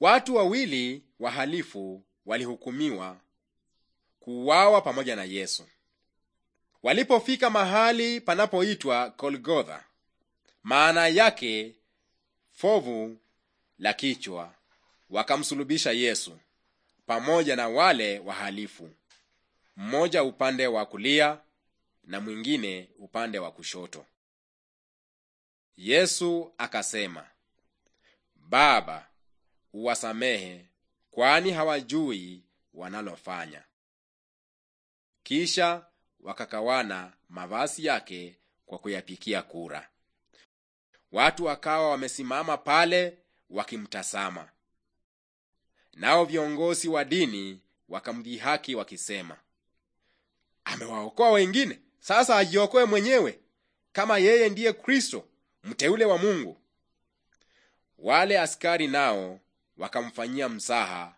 Watu wawili wahalifu walihukumiwa kuuawa pamoja na Yesu. Walipofika mahali panapoitwa Golgotha, maana yake fovu la kichwa, wakamsulubisha Yesu pamoja na wale wahalifu, mmoja upande wa kulia na mwingine upande wa kushoto. Yesu akasema, Baba, uwasamehe, kwani hawajui wanalofanya. Kisha wakakawana mavazi yake kwa kuyapikia kura. Watu wakawa wamesimama pale wakimtazama, nao viongozi wa dini wakamdhihaki wakisema, amewaokoa wengine, sasa ajiokoe mwenyewe kama yeye ndiye Kristo mteule wa Mungu. Wale askari nao wakamfanyia msaha,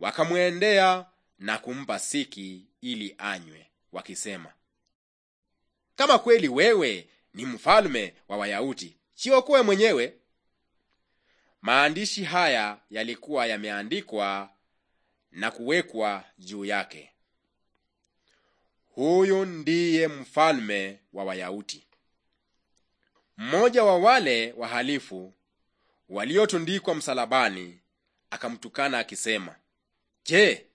wakamwendea na kumpa siki ili anywe, wakisema, kama kweli wewe ni mfalme wa Wayahudi, jiokoe mwenyewe. Maandishi haya yalikuwa yameandikwa na kuwekwa juu yake. Huyu ndiye mfalme wa Wayahudi. Mmoja wa wale wahalifu waliotundikwa msalabani akamtukana akisema, Je,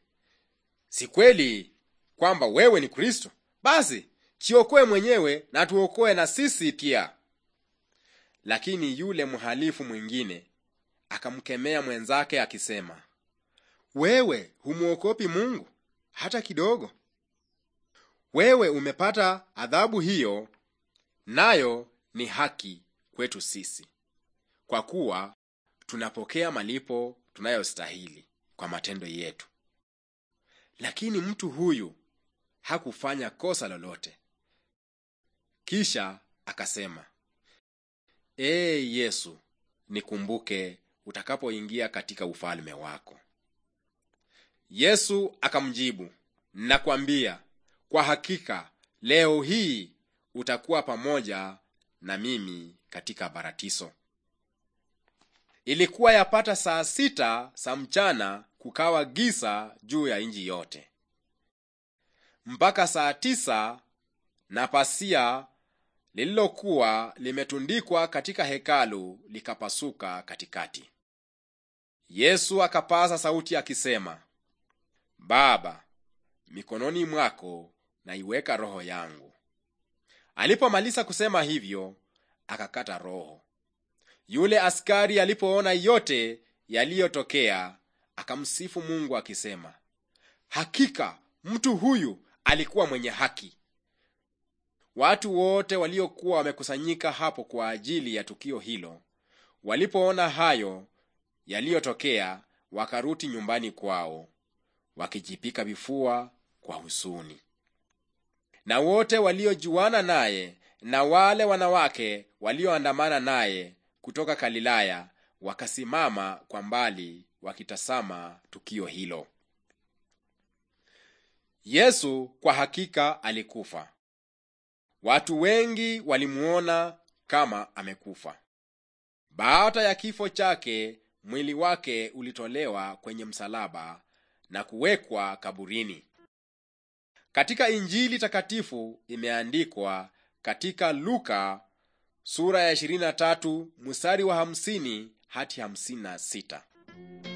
si kweli kwamba wewe ni Kristo? Basi chiokoe mwenyewe na tuokoe na sisi pia. Lakini yule mhalifu mwingine akamkemea mwenzake akisema, wewe humwokopi Mungu hata kidogo? Wewe umepata adhabu hiyo, nayo ni haki kwetu sisi, kwa kuwa tunapokea malipo tunayostahili kwa matendo yetu lakini mtu huyu hakufanya kosa lolote kisha akasema ee yesu nikumbuke utakapoingia katika ufalme wako yesu akamjibu nakwambia kwa hakika leo hii utakuwa pamoja na mimi katika baratiso Ilikuwa yapata saa sita za mchana kukawa giza juu ya nchi yote mpaka saa tisa, na pasia lililokuwa limetundikwa katika hekalu likapasuka katikati. Yesu akapaza sauti akisema, Baba, mikononi mwako naiweka roho yangu. Alipomaliza kusema hivyo, akakata roho. Yule askari alipoona yote yaliyotokea, akamsifu Mungu akisema, hakika mtu huyu alikuwa mwenye haki. Watu wote waliokuwa wamekusanyika hapo kwa ajili ya tukio hilo walipoona hayo yaliyotokea, wakaruti nyumbani kwao wakijipika vifua kwa husuni. Na wote waliojuana naye na wale wanawake walioandamana naye kutoka Galilaya wakasimama kwa mbali wakitazama tukio hilo. Yesu kwa hakika alikufa. Watu wengi walimuona kama amekufa. Baada ya kifo chake, mwili wake ulitolewa kwenye msalaba na kuwekwa kaburini. Katika Injili takatifu imeandikwa katika Luka sura ya 23 mstari wa 50 hati 56.